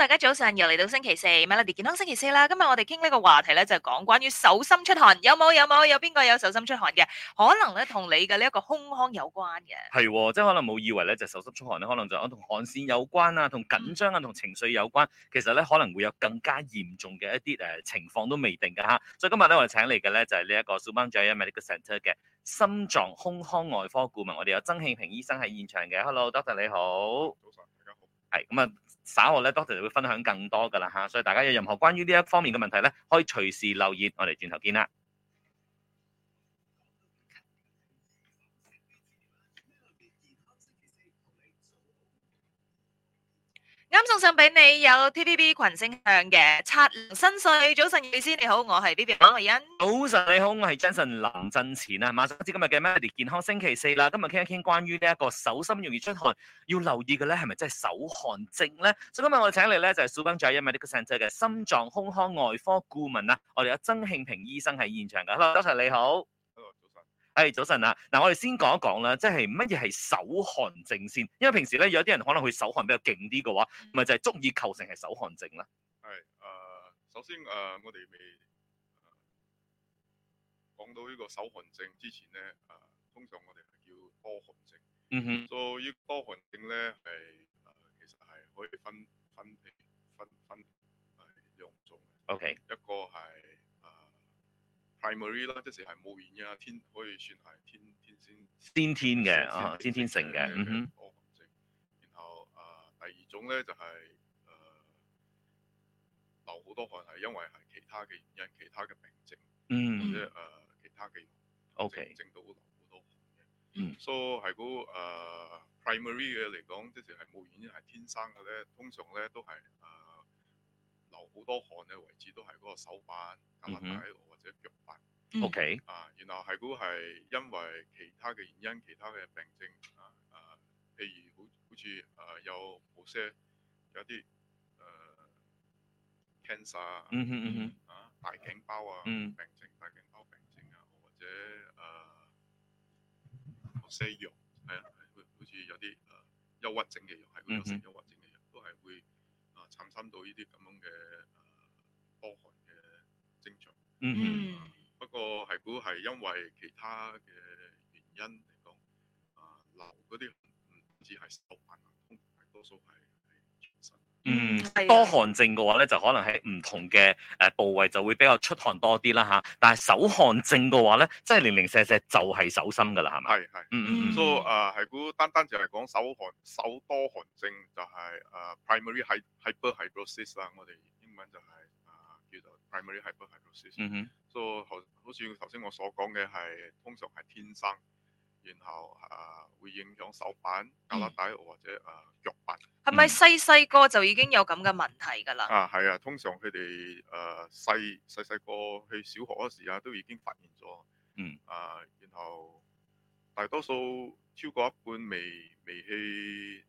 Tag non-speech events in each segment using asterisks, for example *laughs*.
大家早上又嚟到星期四 Melody 健康星期四啦。今日我哋傾呢個話題咧，就講、是、關於手心出汗，有冇？有冇？有邊個有手心出汗嘅？可能咧，同你嘅呢一個胸腔有關嘅。係、哦，即係可能冇以為咧，就是、手心出汗咧，可能就同汗腺有關啊，同緊張啊，同情緒有關。其實咧，可能會有更加嚴重嘅一啲誒、呃、情況都未定嘅吓。所以今日咧，我哋請嚟嘅咧就係呢一個少班長 Medical Centre 嘅心臟胸腔外科顧問，我哋有曾慶平醫生喺現場嘅。Hello，doctor，你好。早晨，大家好。係咁啊！稍後咧，Doctor 就會分享更多㗎喇吓，所以大家有任何關於呢一方面嘅問題咧，可以隨時留言，我哋轉頭見啦。咁送上俾你有 TVB 群星向嘅拆新稅早晨，雨詩你好，我係 Vivian 馬麗恩。早晨你好，我係曾 n 林振前啦。馬上開今日嘅 MELODY 健康星期四啦。今日傾一傾關於呢一個手心容易出汗要留意嘅咧，係咪真係手汗症咧？所以今日我哋請嚟咧就係 Superjoy Medical Centre 嘅心臟胸腔外科顧問啦。我哋有曾慶平醫生喺現場㗎，Hello 早晨你好。誒、hey, 早晨啊，嗱我哋先講一講啦，即係乜嘢係手汗症先，因為平時咧有啲人可能佢手汗比較勁啲嘅話，咪就係、是、足以構成係手汗症啦。係，誒、呃、首先誒、呃、我哋未、呃、講到呢個手汗症之前咧，誒、呃、通常我哋係叫多汗症。嗯哼、mm。做、hmm. 依、so, 多汗症咧係誒其實係可以分分分分誒兩種。O K。呃、Okay. 一個係。Primary 啦，即係係冇原因，天可以算係天天先先天嘅啊、哦，先天性嘅。嗯哼。安然後啊、呃，第二種咧就係、是、誒、呃、流好多汗係因為係其他嘅原因，其他嘅病症。嗯。或者誒、呃、其他嘅 OK。症都流好多汗嘅。嗯、so, 那個。所以係嗰 Primary 嘅嚟講，即係係冇原因係天生嘅咧，通常咧都係誒。呃流好多汗嘅位置都係嗰個手板、夾夾帶或者腳板。O.K. 啊，然後係佢係因為其他嘅原因，其他嘅病症啊啊，譬如好好似啊有某些有啲誒 cancer，嗯嗯嗯嗯，啊大頸包啊，病症、啊、大頸包病症啊，或者誒某些藥啊，好似有啲誒、啊、憂鬱症嘅藥，係佢有成憂鬱症嘅藥，都係會。擔心到呢啲咁樣嘅誒多汗嘅症狀，嗯，不過係估係因為其他嘅原因嚟講，啊流嗰啲唔止係受難，通常係多數係。 *music* *music* 嗯，mm, 的多汗症嘅話咧，就可能喺唔同嘅誒部位就會比較出汗多啲啦吓，但係手汗症嘅話咧，即係零零舍舍就係手心噶啦，係咪？係係的，嗯嗯所以誒，係、hmm. 估、so, uh, 單單就係講手汗、手多汗症就係誒 primary hyper hyperhidrosis 啊，osis, 我哋英文就係、是、誒、uh, 叫做 primary hyperhidrosis。嗯 hy 哼、mm。所、hmm. 以、so, 好，好似頭先我所講嘅係，通常係天生。然後啊會影響手板、腳底或者啊腳板。係咪細細個就已經有咁嘅問題㗎喇？啊係啊，通常佢哋誒細細細個去小學嗰時啊都已經發現咗，嗯啊然後大多數超過一半未未去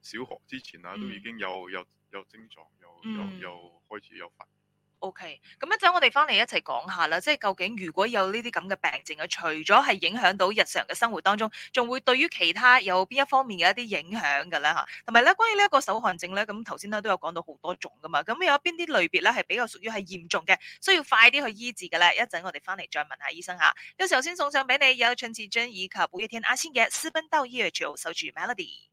小學之前啊都已經有、嗯、有有症狀，又又又開始有發現。O.K. 咁一陣我哋翻嚟一齊講下啦，即係究竟如果有呢啲咁嘅病症嘅，除咗係影響到日常嘅生活當中，仲會對於其他有邊一方面嘅一啲影響嘅咧嚇，同埋咧關於呢一個手汗症咧，咁頭先咧都有講到好多種噶嘛，咁有邊啲類別咧係比較屬於係嚴重嘅，需要快啲去醫治嘅咧？一陣我哋翻嚟再問一下醫生嚇。咁頭先送上俾你有陳綺貞以及五月天阿仙嘅《私奔到月球》Melody。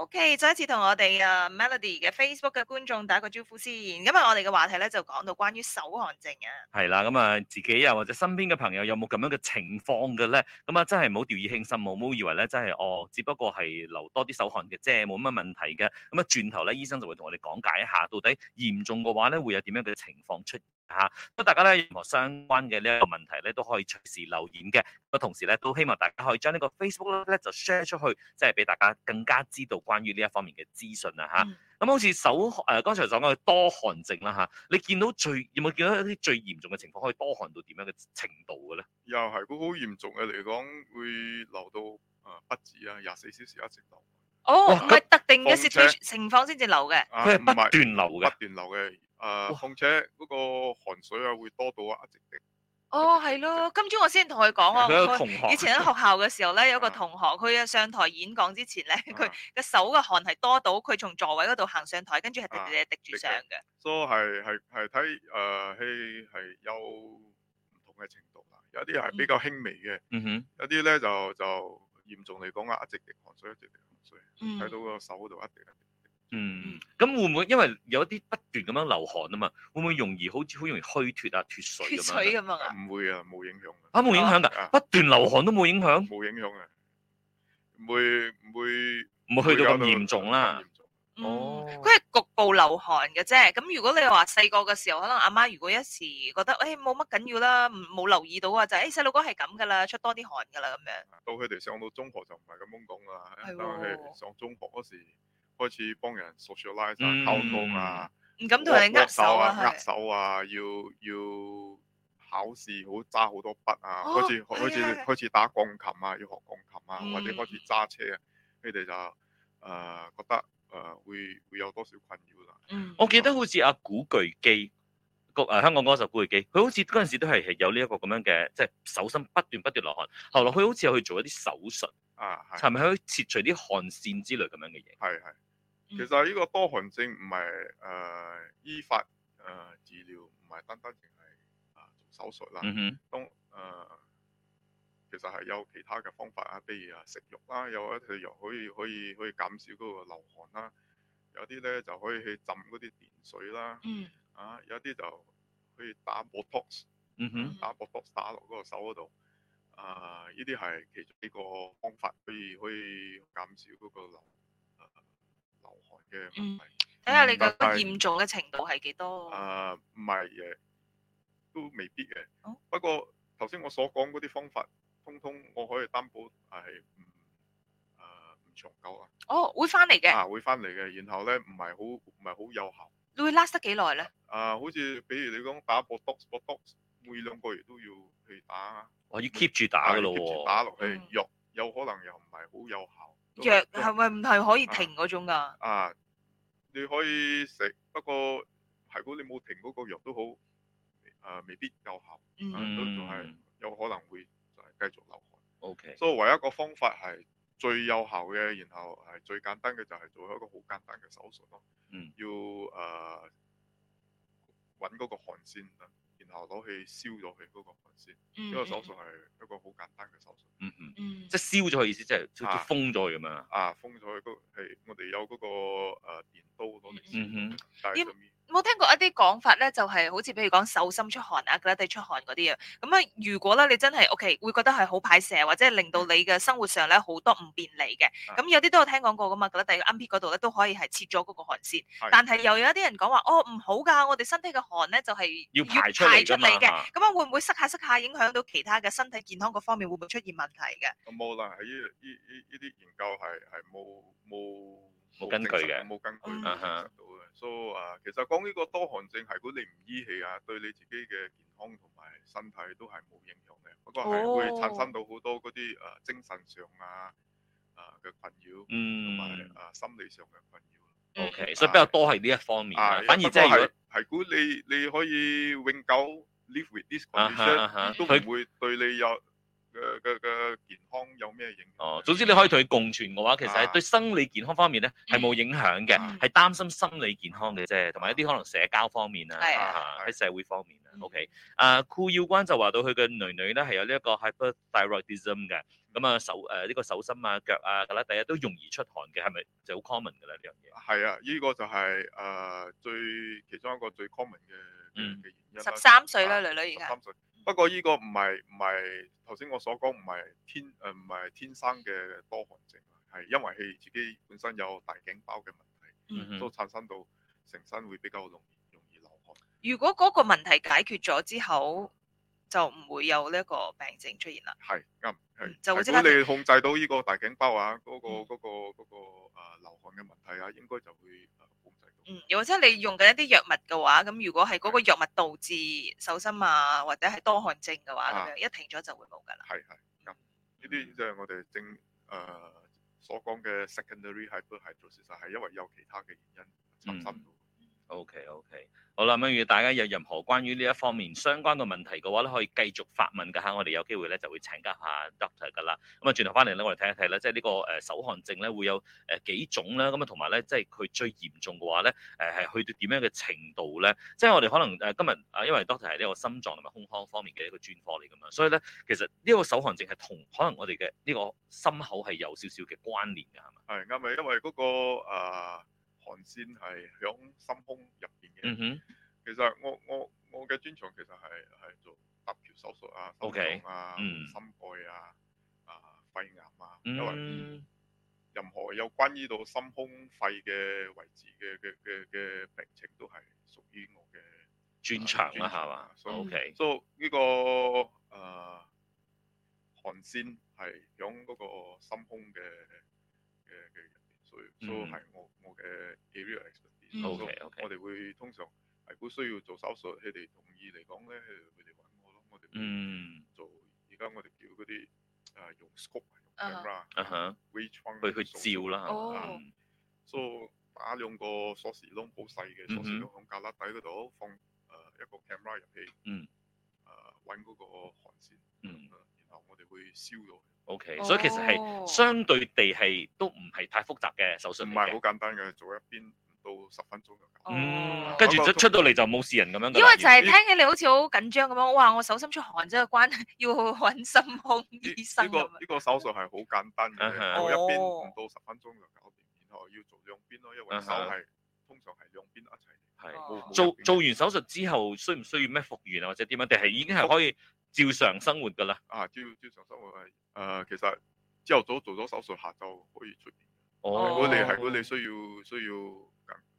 OK，再一次同我哋啊 Melody 嘅 Facebook 嘅觀眾打個招呼先。今日我哋嘅話題咧就講到關於手汗症啊。係啦，咁、嗯、啊自己啊或者身邊嘅朋友有冇咁樣嘅情況嘅咧？咁、嗯、啊真係唔好掉以輕心，唔好以為咧真係哦，只不過係留多啲手汗嘅啫，冇乜問題嘅。咁啊轉頭咧，醫生就會同我哋講解一下，到底嚴重嘅話咧會有點樣嘅情況出現。吓，咁大家咧任何相關嘅呢一個問題咧，都可以隨時留言嘅。咁同時咧，都希望大家可以將呢個 Facebook 咧就 share 出去，即係俾大家更加知道關於呢一方面嘅資訊啊。吓、嗯。咁好似手誒，剛才所講嘅多汗症啦，吓、啊，你見到最有冇見到一啲最嚴重嘅情況，可以多汗到點樣嘅程度嘅咧？又係，佢好嚴重嘅嚟講，會流到誒、呃、不止啊，廿四小時一直流，哦，唔係特定嘅情況先至流嘅，佢係不斷流嘅，不斷流嘅。誒，而且嗰個汗水啊，會多到啊，一直滴。哦，係咯，今朝我先同佢講啊，以前喺學校嘅時候咧，有個同學，佢啊上台演講之前咧，佢嘅手嘅汗係多到，佢從座位嗰度行上台，跟住係滴住上嘅。所以係係睇誒係有唔同嘅程度啦，有啲係比較輕微嘅，嗯哼，有啲咧就就。嚴重嚟講啊，一直滴汗水，一直滴汗水，睇到個手嗰度一直一直嗯。嗯，咁、嗯嗯、會唔會因為有一啲不斷咁樣流汗啊嘛？會唔會容易好似好容易虛脱啊、脱水咁啊？唔會啊，冇影響、啊啊。啊，冇影響㗎，不斷流汗都冇影響。冇影響啊，會唔會？唔會，唔會去到咁嚴重啦。啊哦，佢係局部流汗嘅啫。咁如果你話細個嘅時候，可能阿媽如果一時覺得，誒冇乜緊要啦，冇留意到啊，就誒細路哥係咁噶啦，出多啲汗噶啦咁樣。到佢哋上到中學就唔係咁樣講啦。因為佢哋上中學嗰時開始幫人熟索拉曬溝通啊，唔敢同人握手啊，握手啊，要要考試好揸好多筆啊，開始開始開始打鋼琴啊，要學鋼琴啊，或者開始揸車啊，佢哋就誒覺得。誒、呃，會會有多少困擾啦？嗯，我記得好似阿、啊嗯、古巨基，個、啊、誒香港歌手古巨基，佢好似嗰陣時都係係有呢一個咁樣嘅，即、就、係、是、手心不斷不斷落汗，後來佢好似去做一啲手術，啊係，係咪可以切除啲汗腺之類咁樣嘅嘢？係係，其實呢個多汗症唔係誒醫法誒、呃、治療，唔係單單淨係啊做手術啦，嗯哼，都誒。呃其實係有其他嘅方法啊，譬如啊食肉啦，有一條肉可以可以可以減少嗰個流汗啦。有啲咧就可以去浸嗰啲鹽水啦。嗯。啊，有啲就去打 Botox。嗯哼。打 Botox 打落嗰個手嗰度。啊，呢啲係其中一個方法可以可以減少嗰個流、啊、流汗嘅問題。睇下、嗯、你嘅嚴重嘅程度係幾多。啊，唔係嘅，都未必嘅。哦、不過頭先我所講嗰啲方法。通通我可以擔保係唔唔長久啊！呃、哦，會翻嚟嘅啊，會翻嚟嘅。然後咧，唔係好唔係好有效。你會 last 得幾耐咧？啊，好似比如你講打 Botox，Botox 每兩個月都要去打。哦、打啊，我要 keep 住打噶咯，打落去藥有可能又唔係好有效。藥係咪唔係可以停嗰種噶、啊？啊，你可以食，不過係如果你冇停嗰個藥都好，誒、啊、未必，必有效，都仲係有可能會。嗯嗯繼續流汗，OK，所以、so, 唯一一個方法係最有效嘅，然後係最簡單嘅，就係做一個好簡單嘅手術咯。嗯，要誒揾嗰個汗腺，然後攞去燒咗佢嗰個汗腺。呢個手術係一個好簡單嘅手術。嗯嗯，嗯即係燒咗嘅意思，即係封咗佢嘛？啊，封咗佢嗰係我哋有嗰、那個誒、呃、電刀攞嚟燒，但係上冇聽過一啲講法咧？就係、是、好似譬如講手心出汗啊，腳底出汗嗰啲啊。咁啊，如果咧你真係 OK，會覺得係好排泄，或者係令到你嘅生活上咧好多唔便利嘅。咁有啲都有聽講過㗎嘛？覺得第二 under 嗰度咧都可以係切咗嗰個汗腺。是的 但係又有一啲人講話，哦、oh, 唔好㗎，我哋身體嘅汗咧就係、是、要排出嚟嘅。咁啊，會唔會塞下塞下影響到其他嘅身體健康嗰方面會唔會出現問題嘅？冇啦、啊，依呢依啲研究係係冇冇。冇根據嘅，冇根據，到嘅，所以啊，其實講呢個多汗症係，如果你唔醫氣啊，對你自己嘅健康同埋身體都係冇影響嘅，不過係會產生到好多嗰啲誒精神上啊誒嘅困擾，同埋誒心理上嘅困擾。O okay , K，是所以比較多係呢一方面，uh, 反而即係係如果你你可以永久 live with this condition，都唔會對你有。個個健康有咩影響？哦，總之你可以同佢共存嘅話，其實係對生理健康方面咧係冇影響嘅，係擔、嗯嗯、心心理健康嘅啫，同埋一啲可能社交方面啊，喺、啊、的社會方面啊。的嗯、OK，啊，顧、呃、耀關就話到佢嘅女女咧係有呢一個 hyperthyroidism 嘅。咁啊手誒呢、呃這個手心啊腳啊啦，第一、啊、都容易出汗嘅，係咪就好 common 嘅啦？呢樣嘢係啊，呢、這個就係、是、誒、呃、最其中一個最 common 嘅嘅原因。十三歲啦，女女而家。不過呢個唔係唔係頭先我所講唔係天誒唔係天生嘅多汗症，係因為佢自己本身有大頸包嘅問題，都、嗯、哼產生到成身會比較容易容易流汗。嗯、如果嗰個問題解決咗之後。就唔會有呢個病症出現啦。係，啱係。就會即刻你控制到呢個大頸包啊，嗰、嗰個嗰、嗯嗰個嗰個流汗嘅問題啊，應該就會誒控制到。嗯，又或者你用緊一啲藥物嘅話，咁如果係嗰個藥物導致手心啊或者係多汗症嘅話，咁樣、啊、一停咗就會冇㗎啦。係係，啱。呢啲即係我哋正誒、呃、所講嘅 secondary hyperhidrosis 就係因為有其他嘅原因產生。嗯 OK，OK，okay, okay. 好啦，咁如果大家有任何關於呢一方面相關嘅問題嘅話咧，可以繼續發問㗎吓，我哋有機會咧就會請教下 Doctor 㗎喇。咁、嗯、啊，轉頭返嚟咧，我哋睇一睇咧，即係呢個誒手汗症咧會有誒幾種啦。咁啊，同埋咧，即係佢最嚴重嘅話咧，誒係去到點樣嘅程度咧？即係我哋可能誒今日啊，因為 Doctor 係呢個心臟同埋胸腔方面嘅一個專科嚟㗎嘛，所以咧，其實呢個手汗症係同可能我哋嘅呢個心口係有少少嘅關聯嘅，係咪？係啱嘅，因為嗰、那個、呃汗腺係響心胸入邊嘅，mm hmm. 其實我我我嘅專長其實係係做搭橋手術啊、心臟啊、okay. mm hmm. 心蓋啊、啊肺癌啊，因為任何有關於到心胸肺嘅位置嘅嘅嘅嘅病情都係屬於我嘅專長啦、啊，係嘛？OK，所以呢 Okay.、so, 這個啊、呃、汗腺係響嗰個心胸嘅嘅嘅。所以我我嘅 area expertise 咯，我哋會通常係股需要做手術，佢哋同意嚟講咧，佢哋揾我咯，我哋嗯做而家我哋叫嗰啲啊用 scope 用 camera 微創去去照啦，係所以打兩個鎖匙窿好細嘅鎖匙窿響胳肋底嗰度放誒一個 camera 入去，嗯，誒揾嗰個汗線，嗯，然後我哋會燒咗。O Okay , K，、oh. 所以其實係相對地係都唔係太複雜嘅手術係，唔係好簡單嘅，做一邊到十分鐘就搞掂。Oh. 嗯，跟住就出到嚟就冇事人咁樣。因為就係聽起你好似好緊張咁樣，為哇！我手心出汗真，真係關要去揾心胸醫生。呢、這個呢、這個手術係好簡單嘅，做、uh huh. 一邊唔到十分鐘就搞掂，然後要做兩邊咯，因為手係、uh huh. 通常係兩邊一齊。係、uh huh. 做做完手術之後，需唔需要咩復原啊，或者點樣？定係已經係可以？照常生活噶啦，啊，照照常生活係，誒、呃，其實朝頭早做咗手術，下晝可以出院。哦，如果你係我哋需要需要誒，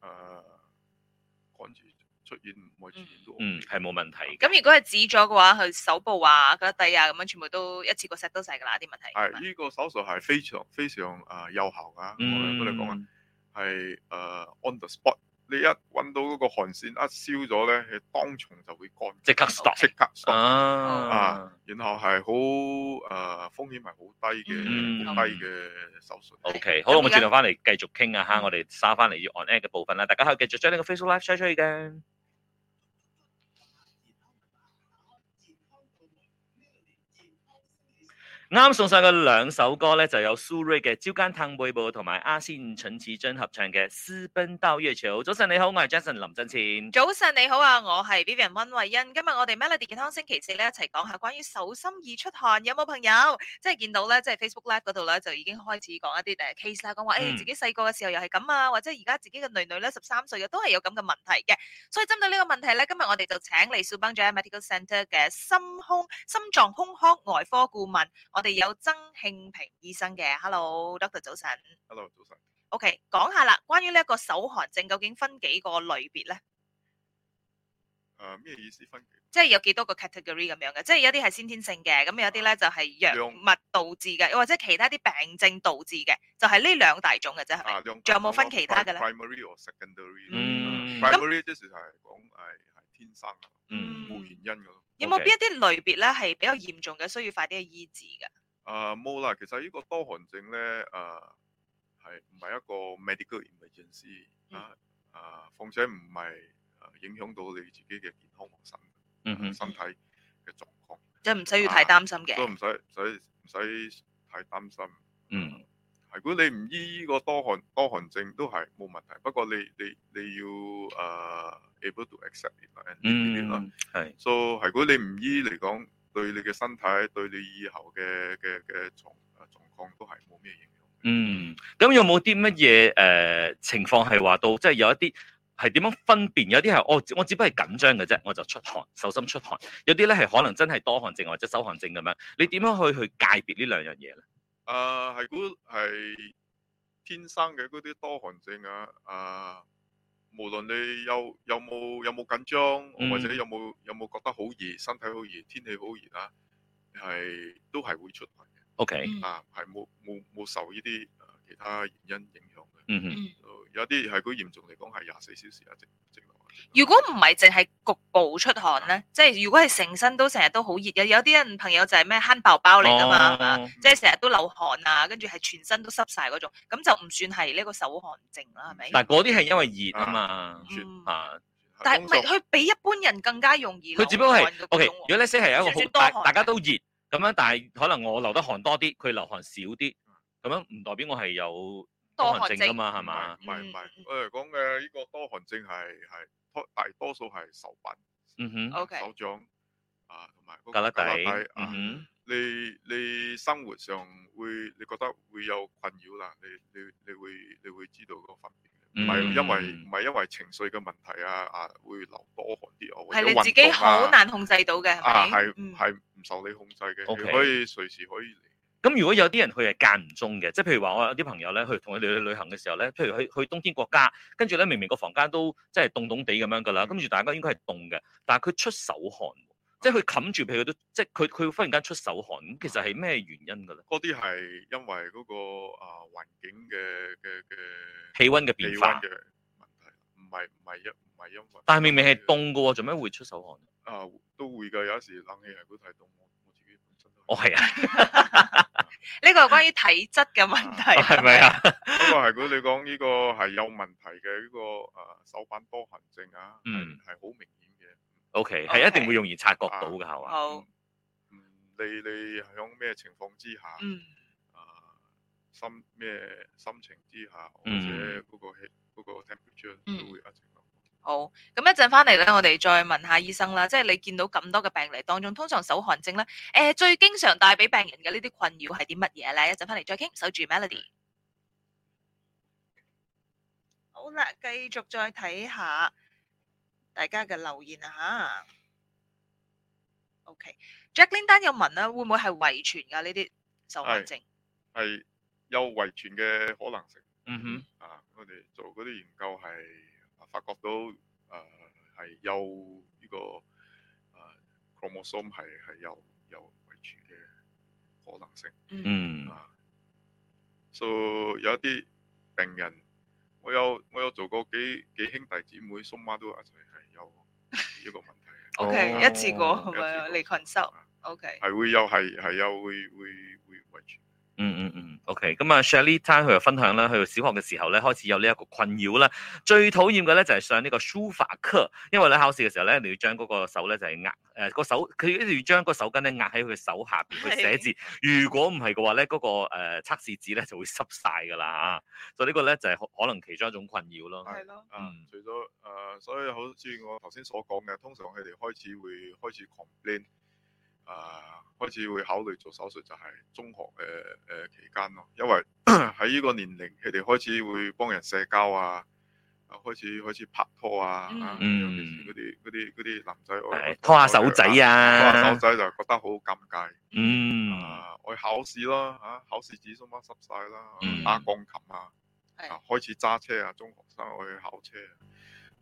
趕、呃、住出院，唔可以出院都，嗯，係冇、嗯、問題。咁、嗯、如果係止咗嘅話，佢手部啊，腳底啊咁樣，全部都一次過 set 得晒噶啦啲問題。係呢個手術係非常非常誒有效噶，我哋講啊，係誒、嗯呃、on the spot。你一揾到嗰個汗腺一燒咗咧，當場就會乾，即刻 stop，Okay .即刻 stop、ah. 啊！然後係好誒風險係好低嘅，好、mm hmm. 低嘅手術。O、okay. K，好啦，我哋轉頭翻嚟繼續傾啊、mm！哈、hmm.，我哋撒翻嚟要 on air 嘅部分啦，大家可以繼續將呢個 Facebook Live share 出去嘅。啱、嗯、送上嘅兩首歌咧，就有蘇芮嘅《酒矸倘賣無》，同埋阿信陳綺貞合唱嘅《私奔到月球》。早晨你好，我係 Jason 林振前。早晨你好啊，我係 Vivian 温慧欣。今日我哋 Melody 健康星期四咧，一齊講下關於手心易出汗，有冇朋友，即係見到咧，即、就、係、是、Facebook Live 嗰度咧，就已經開始講一啲誒 case 啦，講話誒自己細個嘅時候又係咁啊，或者而家自己嘅女女咧十三歲啊，都係有咁嘅問題嘅。所以針對呢個問題咧，今日我哋就請嚟少邦長 Medical Center 嘅心胸心臟胸腔外科顧問。我哋有曾慶平醫生嘅，Hello，Doctor，早晨。Hello，早晨。OK，講下啦，關於呢一個手汗症，究竟分幾個類別咧？誒、呃，咩意思分幾種？即係有幾多個 category 咁樣嘅，即係有啲係先天性嘅，咁有啲咧就係、是、藥物導致嘅，又或者其他啲病症導致嘅，就係呢兩大種嘅啫，係仲、啊嗯、有冇分其他嘅咧？Primary or secondary？Primary 即係講係係天生，冇原因嘅 Okay. 有冇邊一啲類別咧，係比較嚴重嘅，需要快啲去醫治嘅？啊冇啦，其實呢個多汗症咧，啊係唔係一個 medical emergency 啊？啊，況且唔係影響到你自己嘅健康同身身體嘅狀況，即係唔使要太擔心嘅，都唔使唔使唔使太擔心。嗯。係，如果你唔醫依個多汗多汗症都係冇問題，不過你你你要誒、uh, able to accept 呢啲咯，係，所以係如果你唔醫嚟講，對你嘅身體，對你以後嘅嘅嘅狀啊狀況都係冇咩影響。嗯。嗯，咁有冇啲乜嘢誒情況係話到，即係有一啲係點樣分辨？有啲係我我只不過係緊張嘅啫，我就出汗，手心出汗；有啲咧係可能真係多汗症或者手汗症咁樣。你點樣去去界別呢兩樣嘢咧？啊，係估係天生嘅嗰啲多汗症啊。啊、呃，無論你有有冇有冇緊張，或者有冇有冇覺得好熱，身體好熱，天氣好熱啊，係都係會出汗嘅。OK，啊，係冇冇冇受呢啲誒其他原因影響嘅。嗯哼、mm hmm. 呃，有啲係佢嚴重嚟講係廿四小時一直直流。如果唔係淨係局部出汗咧，即係如果係成身都成日都好熱嘅，有啲人朋友就係咩慳爆包嚟噶嘛，即係成日都流汗啊，跟住係全身都濕晒嗰種，咁就唔算係呢個手汗症啦，係咪？但係嗰啲係因為熱啊嘛，出汗，但係唔係佢比一般人更加容易，佢只不過係，O K，如果呢啲係一個，大大家都熱咁樣，但係可能我流得汗多啲，佢流汗少啲，咁樣唔代表我係有多汗症噶嘛，係嘛？唔係唔係，我哋講嘅呢個多汗症係係。大多數係手品，嗯哼、mm hmm.，OK，手掌啊，同埋格格底，嗯、mm hmm. 啊，你你生活上會你覺得會有困擾啦，你你你會你會知道嗰分別，唔係、mm hmm. 因為唔係因為情緒嘅問題啊啊，會流多汗啲，我係、啊、你自己好難控制到嘅，是是啊係係唔受你控制嘅，你可以隨時可以咁如果有啲人佢係間唔中嘅，即係譬如話我有啲朋友咧，去同佢哋去旅行嘅時候咧，譬如去譬如去冬天國家，跟住咧明明個房間都即係凍凍地咁樣噶啦，跟住大家應該係凍嘅，但係佢出手汗，即係佢冚住，譬如佢都即係佢佢忽然間出手汗，咁其實係咩原因㗎咧？嗰啲係因為嗰、嗰個啊環境嘅嘅嘅氣温嘅變化嘅問題，唔係唔係一唔係因為。但係明明係凍㗎喎，做咩會出手汗？啊都會㗎，有時冷氣係好太凍，我我自己本身哦係啊。 *laughs* *laughs* 呢個係關於體質嘅問題，係咪啊？咁啊係，果你講呢個係有問題嘅呢個誒手板多汗症啊， *laughs* 嗯係好明顯嘅。O K 係一定會容易察覺到嘅，係嘛、啊？好，嗯你你響咩情況之下？嗯啊心咩心情之下，或者嗰、那個、嗯、個 temperature 都會有情況。好，咁一陣翻嚟咧，我哋再問下醫生啦。即係你見到咁多嘅病例當中，通常手汗症咧，誒、呃，最經常帶俾病人嘅呢啲困擾係啲乜嘢咧？一陣翻嚟再傾。守住 Melody，好啦，繼續再睇下大家嘅留言、okay. 啊吓。OK，Jack Lindan 有問啦，會唔會係遺傳噶呢啲手汗症？係有遺傳嘅可能性。嗯哼、mm，hmm. 啊，我哋做嗰啲研究係。發覺到誒係、呃、有呢、這個誒、呃、chromosome 係係有有遺傳嘅可能性，嗯、mm. 啊，所、so, 以有一啲病人，我有我有做過幾幾兄弟姊妹，蘇媽都係係有一個問題。 *laughs* o Okay , K.、哦、一次過咁樣離群收。O K. 係會有係係有會會會遺傳。嗯嗯嗯，OK，咁啊 Shelly Tan 佢又分享啦，去到小學嘅時候咧開始有呢一個困擾啦，最討厭嘅咧就係上呢個書法課，因為咧考試嘅時候咧你要將嗰個手咧就係壓誒個手，佢一定要將個手巾咧壓喺佢手下邊去寫字，的如果唔係嘅話咧嗰個誒測試紙咧就會濕晒噶啦吓就呢個咧就係可能其中一種困擾咯。係咯的，嗯，除咗誒，所以好似我頭先所講嘅，通常佢哋開始會開始 complain。啊，開始會考慮做手術就係中學嘅誒期間咯，因為喺呢 *coughs* 個年齡佢哋開始會幫人社交啊，開始開始拍拖啊尤其是，嗰啲嗰啲嗰啲男仔，啊、拖下手仔啊，啊，拖下手仔就覺得好尷尬。嗯，啊，考試啦，吓考試紙都乜濕晒啦，打鋼琴啊，開始揸車啊，中學生我愛考車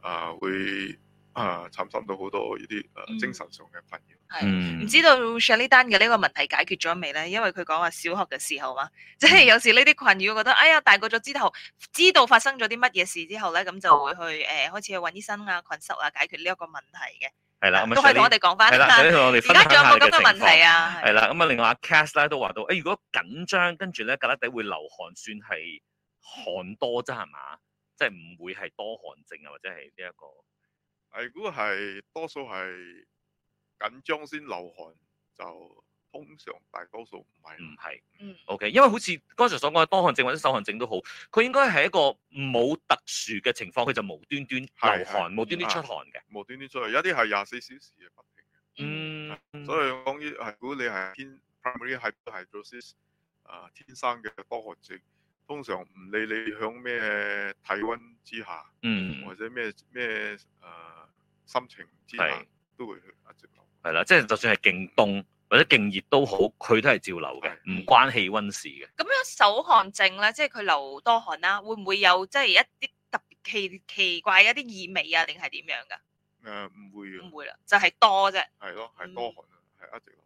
啊，會。啊，產生到好多呢啲誒精神上嘅困擾。係，唔知道 Shelly Dan 嘅呢個問題解決咗未咧？因為佢講話小學嘅時候嘛，嗯、即係有時呢啲困擾覺得，哎呀，大個咗之後，知道發生咗啲乜嘢事之後咧，咁就會去誒、啊呃、開始去揾醫生啊、困濕啊，解決呢一個問題嘅。係啦，咁啊，都係同我哋講翻啦。係啦，而家仲有冇咁嘅問題啊？係啦，咁啊，另外阿 Cast 咧都話到，誒，如果緊張跟住咧，隔肋底會流汗，算係汗多啫，係嘛？即係唔會係多汗症啊，或者係呢一個。係，如果係多數係緊張先流汗，就通常大多數唔係。唔係，嗯，OK。因為好似剛才所講嘅多汗症或者手汗症都好，佢應該係一個冇特殊嘅情況，佢就無端端流汗，的無端端出汗嘅。無端端出汗，有啲係廿四小時嘅不停嘅。嗯，所以講呢、啊，係如果你係天 primary 係係做些天生嘅多汗症。通常唔理你響咩體温之下，嗯、或者咩咩誒心情之下，係，都會一直流。係啦，即係就算係勁凍或者勁熱都好，佢都係照流嘅，唔關氣温事嘅。咁樣手汗症咧，即係佢流多汗啦，會唔會有即係一啲特別奇奇怪嘅一啲異味啊，定係點樣㗎？誒唔會嘅，唔會啦，就係多啫。係咯，係多汗啦，係一直流。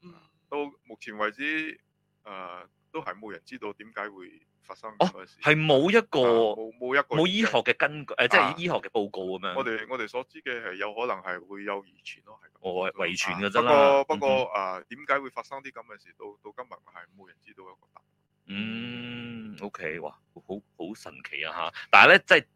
嗯，到目前為止，誒都係冇人知道點解會。發生事，係冇、哦、一個冇冇、啊、一個冇醫學嘅根據誒，呃啊、即係醫學嘅報告咁樣。我哋我哋所知嘅，係有可能係會有遺傳咯，係咁。我遺傳嘅啫啦。不過不過誒，點解、嗯嗯啊、會發生啲咁嘅事？到到今日係冇人知道一個答案。嗯，OK，哇，好好，好神奇啊，吓！但係咧，即、就、係、是。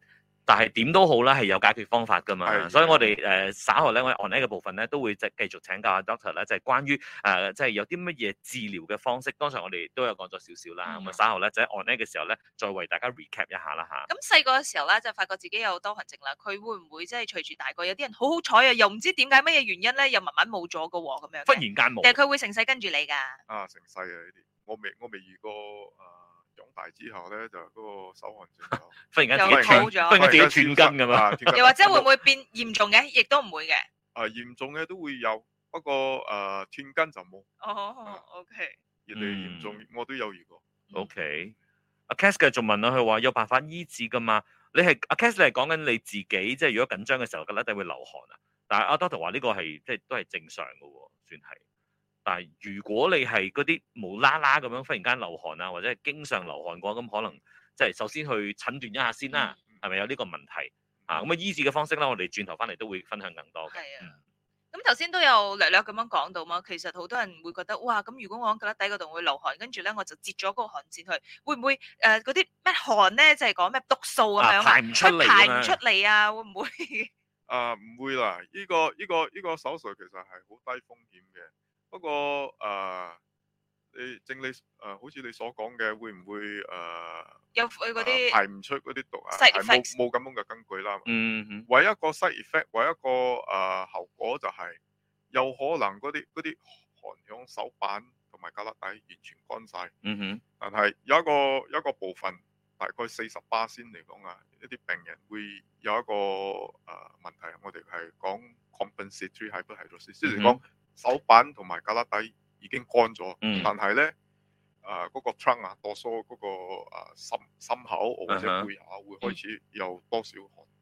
但係點都好咧，係有解決方法噶嘛。的所以我哋誒、呃、稍後咧，我 online 嘅部分咧，都會即係繼續請教阿 Doctor 咧，就係、是、關於誒，即、呃、係、就是、有啲乜嘢治療嘅方式。剛才我哋都有講咗少少啦。咁啊、嗯，稍後咧就喺 online 嘅時候咧，再為大家 recap 一下啦嚇。咁細個嘅時候咧，就發覺自己有多汗症啦。佢會唔會即係隨住大個？有啲人好好彩啊，又唔知點解乜嘢原因咧，又慢慢冇咗嘅喎咁樣。忽然間冇。誒，佢會成世跟住你㗎。啊，成世啊呢啲，我未我未遇過啊。啊長大之後咧，就嗰個手汗症，忽然間自己突然間自己斷筋咁嘛？又或者會唔會變嚴重嘅？亦都唔會嘅。啊，嚴重嘅都會有，不過誒斷筋就冇。哦，好，OK。越嚟越嚴重，我都有遇過。OK。阿 Caster 仲問啊，佢話有辦法醫治噶嘛？你係阿 Caster 係講緊你自己，即係如果緊張嘅時候，佢一定會流汗啊。但係阿 Doctor 話呢個係即係都係正常噶，算係。但係如果你係嗰啲無啦啦咁樣忽然間流汗啊，或者係經常流汗嘅話，咁可能即係首先去診斷一下先啦，係咪、嗯、有呢個問題啊？咁啊醫治嘅方式咧，我哋轉頭返嚟都會分享更多嘅。係啊，咁頭先都有略略咁樣講到嘛，其實好多人會覺得哇，咁如果我胳肋底嗰度會流汗，跟住咧我就截咗嗰個汗腺去，會唔會誒嗰啲咩汗咧，就係講咩毒素咁樣啊？排唔出嚟，排唔出嚟啊？ *laughs* 啊會唔會？啊唔會啦，呢、呢個呢、呢個呢、呢個呢個手術其實係好低風險嘅。不過誒，你整理誒，好似你所講嘅，會唔會誒？有佢嗰啲排唔出嗰啲毒啊？冇冇咁樣嘅根據啦。嗯哼、mm。唯、hmm. 一個 s i f f c t 唯一個誒後果就係，有可能嗰啲嗰啲含氧手板同埋加粒底完全乾晒。嗯哼、mm。Hmm. 但係有一個有一個部分，大概四十八先嚟講啊，一啲病人會有一個誒問題，我哋係講 compensatory hypotension，、mm hmm. 即係講。手板同埋胳肋底已經乾咗，嗯、但係呢誒嗰，呃那個 trunk 啊，那個，多數嗰個誒心心口或者背下會開始有多少汗。嗯嗯。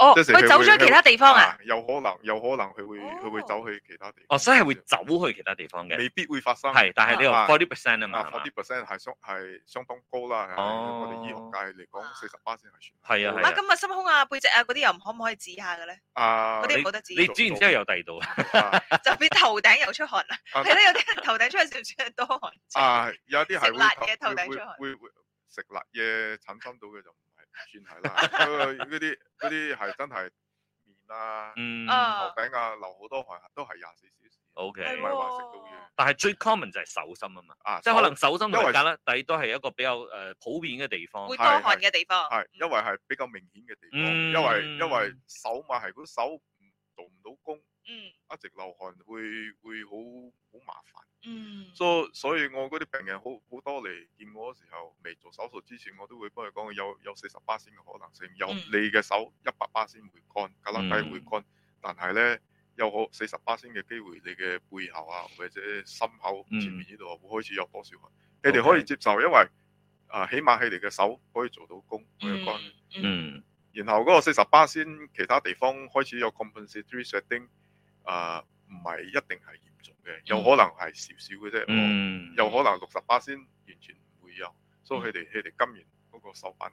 哦，佢走咗其他地方啊？有可能，有可能佢會佢會走去其他地方。哦，所以係會走去其他地方嘅，未必會發生。係，但係呢個 forty percent 啊嘛，forty percent 係相係相當高啦。哦，我哋醫學界嚟講，四十巴先係算。係啊係啊。咁啊，心胸啊、背脊啊嗰啲又可唔可以治下嘅咧？啊，嗰啲冇得治。你治完之後又第二度，就變頭頂又出汗啦。係有啲人頭頂出少少多汗。啊，有啲係辣嘢頭頂出汗。會會食辣嘢產生到嘅就。 *laughs* 算係啦，嗰啲嗰啲係真係面啊，嗯，頭頂啊流好多汗，都係廿四小時。O K，唔係話食到嘢，但係最 common 就係手心啊嘛，啊，即係可能手心同夾啦，但係都係一個比較誒普遍嘅地方，會多汗嘅地方，係因為係比較明顯嘅地方，嗯、因為因為手嘛係嗰手做唔到工。一直流汗會會好好麻煩，嗯，所所以我嗰啲病人好好多嚟見我嗰時候，未做手術之前，我都會幫佢講，有有四十巴仙嘅可能性，有你嘅手一百巴仙會乾，胳肋底會乾，嗯、但係咧有可四十巴仙嘅機會，你嘅背後啊或者心口前面呢度會開始有多少汗，你哋可以接受，Okay. 因為啊起碼你哋嘅手可以做到工。乾、嗯，嗯，然後嗰個四十巴仙其他地方開始有 compensatory setting。Set ting, 啊，唔係、呃、一定係嚴重嘅，有可能係少少嘅啫，有、呃嗯、可能六十八先完全唔會有，所以佢哋佢哋今年嗰個手板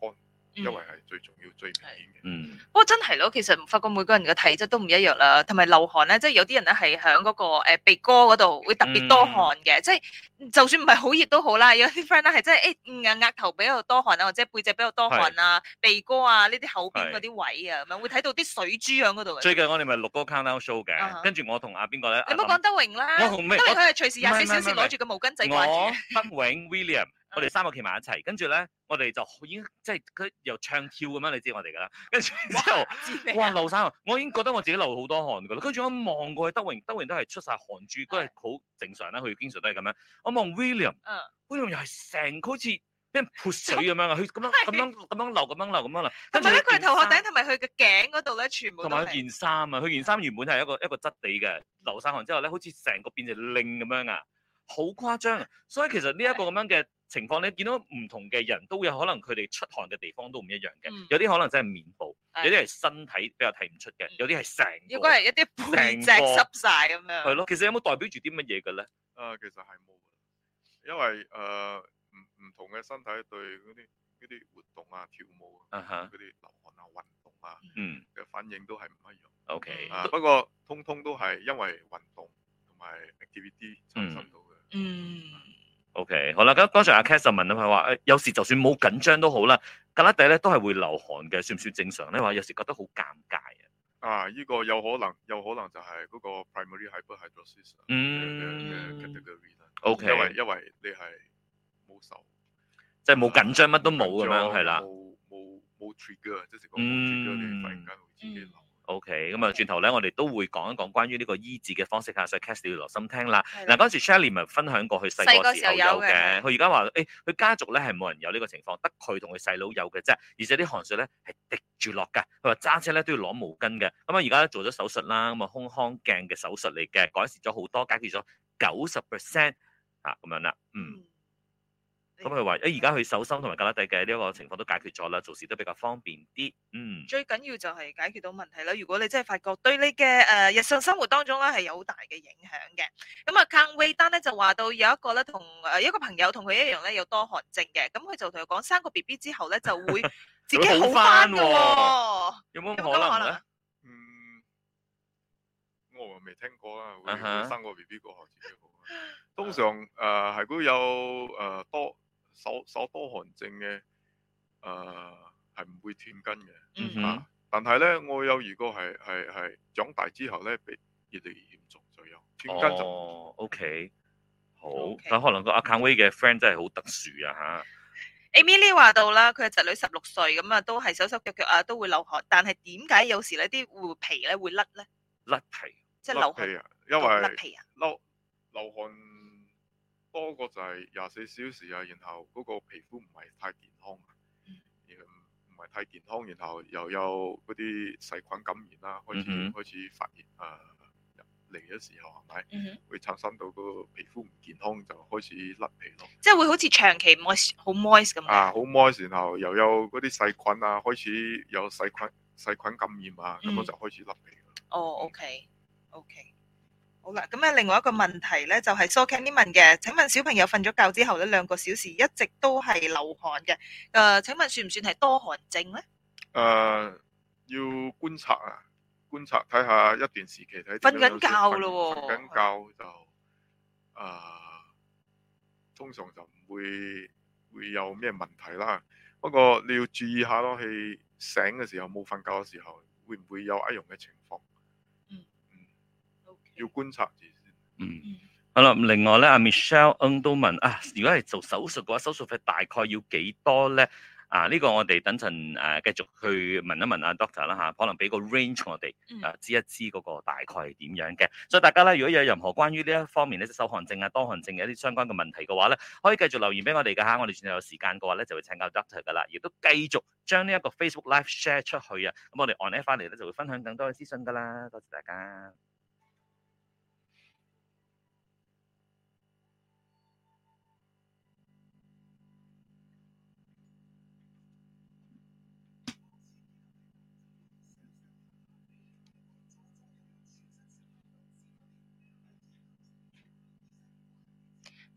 乾，因為係最重要、嗯、最明顯嘅。嗯，不過真係咯，其實發覺每個人嘅體質都唔一樣啦，同埋流汗咧，即、就、係、是、有啲人咧係響嗰個誒鼻哥嗰度會特別多汗嘅，即係、嗯。就是就算唔係好熱都好啦，有啲 friend 咧係真係誒，額頭比較多汗啊，或者背脊比較多汗啊、鼻哥啊呢啲後邊嗰啲位啊，咁樣會睇到啲水珠響嗰度。最近我哋咪錄嗰個 countdown show 嘅，跟住我同阿邊個咧？你唔好講德榮啦，因為佢係隨時廿四小時攞住個毛巾仔德榮 William，我哋三個企埋一齊，跟住咧我哋就已經即係佢又唱跳咁樣，你知我哋噶啦。跟住之後，哇，流晒汗，我已經覺得我自己流好多汗噶啦，跟住我望過去，德榮德榮都係出晒汗珠，都係好正常啦，佢經常都係咁樣。我望 William，William 又係成個好似俾人潑水咁樣啊！佢咁樣咁樣咁樣流，咁樣流，咁樣流。同埋咧，佢頭殼頂同埋佢嘅頸嗰度咧，全部同埋件衫啊！佢件衫原本係一個一個質地嘅流晒汗之後咧，好似成個變成鈴咁樣啊，好誇張啊！所以其實呢一個咁樣嘅情況咧，見到唔同嘅人都有可能佢哋出汗嘅地方都唔一樣嘅。有啲可能真係面部，有啲係身體比較睇唔出嘅，有啲係成。如果係一啲背脊濕晒咁樣。係咯，其實有冇代表住啲乜嘢嘅咧？啊，其實係冇。因為誒唔唔同嘅身體對嗰啲啲活動啊跳舞啊嗰啲、uh huh. 流汗啊運動啊嘅、mm. 反應都係唔一樣。O Okay . K、啊、不過通通都係因為運動同埋 activity 產生到嘅。Mm. 嗯。O、okay. K 好啦，咁剛才阿 Catherine 啊佢話誒有時就算冇緊張都好啦，隔一地咧都係會流汗嘅，算唔算正常咧？話有時覺得好尷尬啊。啊！呢、這個有可能，有可能就係個 primary hyperhidrosis 嘅嘅嘅嘅 category。O K，因為因為你係冇手，即係冇緊張乜、啊、都冇咁樣係啦，冇冇冇 trigger，即係個 trigger、嗯、你突然間會自己流。嗯 O K. 咁啊，轉頭咧，我哋都會講一講關於呢個醫治嘅方式嚇，使 cast 你要留心聽啦。嗱的，嗰陣時 Shelly 咪分享過，佢細個時候有嘅。佢而家話：誒，佢、欸、家族咧係冇人有呢個情況，得佢同佢細佬有嘅啫。而且啲汗水咧係滴住落㗎。佢話揸車咧都要攞毛巾嘅。咁啊，而家做咗手術啦，咁啊，胸腔鏡嘅手術嚟嘅，改善咗好多，解決咗九十 percent 嚇咁樣啦。嗯。嗯咁佢話，誒，而家佢手心同埋腳底嘅呢一個情況都解決咗啦，做事都比較方便啲。嗯，最緊要就係解決到問題啦。如果你真係發覺對你嘅誒、uh, 日常生活當中咧係有好大嘅影響嘅，咁啊，Can Wait 丹咧就話到有一個咧同誒一個朋友同佢一樣咧有多汗症嘅，咁佢就同佢講，生個 BB 之後咧就會自己好返㗎。有冇咁可能？嗯，我未聽過啊。生個 BB 個汗自己好，通常誒係佢有誒、呃、多。多手手多汗症嘅，誒係唔會斷根嘅，mm hmm. 啊！但係咧，我有如果係係係長大之後咧，越嚟越嚴重，就有斷根咗。哦、oh,，OK，好，咁 Okay. 可能個阿 Kenway 嘅 friend 真係好特殊啊嚇。Emily Okay .話、啊、到啦，佢嘅侄女十六歲，咁啊都係手手腳腳啊都會流汗，但係點解有時咧啲皮咧會甩咧？甩皮，即係流汗皮、啊，因為流汗流汗。多個就係廿四小時啊，然後嗰個皮膚唔係太健康，唔唔係太健康，然後又有嗰啲細菌感染啦、啊，開始、嗯、開始發熱啊，嚟嘅時候係咪？會產生到嗰個皮膚唔健康，就開始甩皮咯。即係會好似長期 moist 好 moist 咁啊，好 moist，然後又有嗰啲細菌啊，開始有細菌細菌感染啊，咁我就開始甩皮。嗯、哦，OK，OK。Okay, okay. 好啦，咁啊，另外一個問題咧，就係蘇康呢問嘅，請問小朋友瞓咗覺之後咧，兩個小時一直都係流汗嘅，誒，請問算唔算係多汗症咧？誒，要觀察啊，觀察睇下一段時期睇。瞓緊覺咯，瞓緊覺就啊，通常就唔會會有咩問題啦。不過你要注意下咯，係醒嘅時候冇瞓覺嘅時候，會唔會有一樣嘅情況？要觀察住先。嗯，好啦。咁另外咧，阿 Michelle n d e 嗯都問啊，如果係做手術嘅話，手術費大概要幾多咧？啊，呢、這個我哋等陣誒繼續去問一問阿、啊、Doctor 啦、啊、嚇。可能俾個 range 我哋啊，知一知嗰個大概係點樣嘅。所以大家咧，如果有任何關於呢一方面咧，手汗症啊、多汗症嘅一啲相關嘅問題嘅話咧，可以繼續留言俾我哋嘅嚇。我哋算有時間嘅話咧，就會請教 Doctor 嘅啦。亦都繼續將呢一個 Facebook Live share 出去啊。咁我哋按 a 翻嚟咧，就會分享更多嘅資訊噶啦。多謝大家。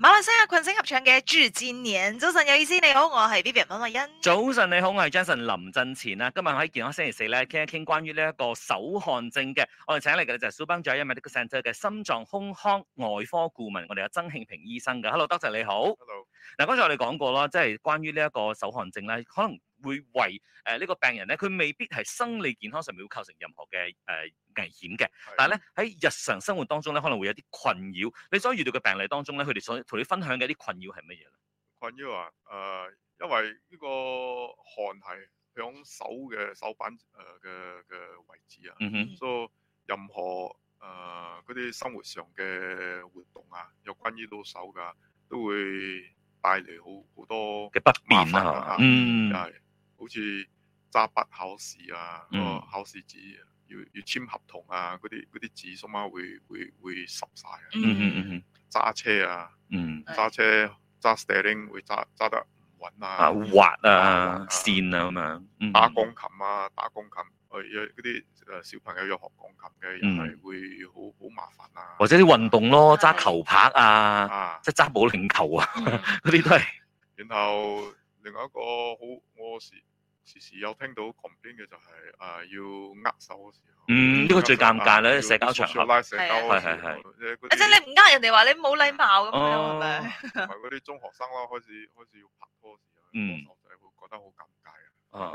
馬來西亞群星合唱嘅《朱自年》早晨有意思，你好，我係 B B 温慧欣。早晨你好，我係 Jason 林振前啦。今日我喺健康星期四咧，傾一傾關於呢一個手汗症嘅，我哋請嚟嘅就係 Subang 再也 Medical Centre 嘅心臟胸腔外科顧問，我哋有曾慶平醫生嘅。Hello，doctor，你好。Hello。嗱，剛才我哋講過啦，即係關於呢一個手汗症咧，可能。會為誒呢、呃這個病人咧，佢未必係生理健康上面會構成任何嘅誒、呃、危險嘅，但係咧喺日常生活當中咧，可能會有啲困擾。你所遇到嘅病例當中咧，佢哋所同你分享嘅啲困擾係乜嘢咧？困擾啊，誒、呃，因為呢個汗係兩手嘅手板誒嘅嘅位置啊，嗯、哼，所以任何誒嗰啲生活上嘅活動啊，有關於到手㗎，都會帶嚟好好多嘅不便啊，嗯，係。好似揸筆考試啊，哦考試紙、啊、要要簽合同啊，嗰啲嗰啲紙疏啊會會會濕晒啊，揸、啊、 *music* 車啊，揸車揸 steering 會揸揸得唔穩啊，啊，滑啊，綫啊咁樣，打鋼琴啊打鋼琴，有嗰啲誒小朋友要學鋼琴嘅，又係會好好麻煩啊，或者啲運動咯，揸球拍啊，啊啊即係揸保齡球啊，嗰 *laughs* 啲都係。 *laughs* 然後另外一個好。時時有聽到旁邊嘅就係誒要握手嘅時候，嗯，呢個最尷尬咧，社交場合，係係係，啊，即係你唔握手，人哋話你冇禮貌，咁樣，係咪？同埋嗰啲中學生啦，開始開始要拍波拖時，嗯，仔會覺得好尷尬嘅。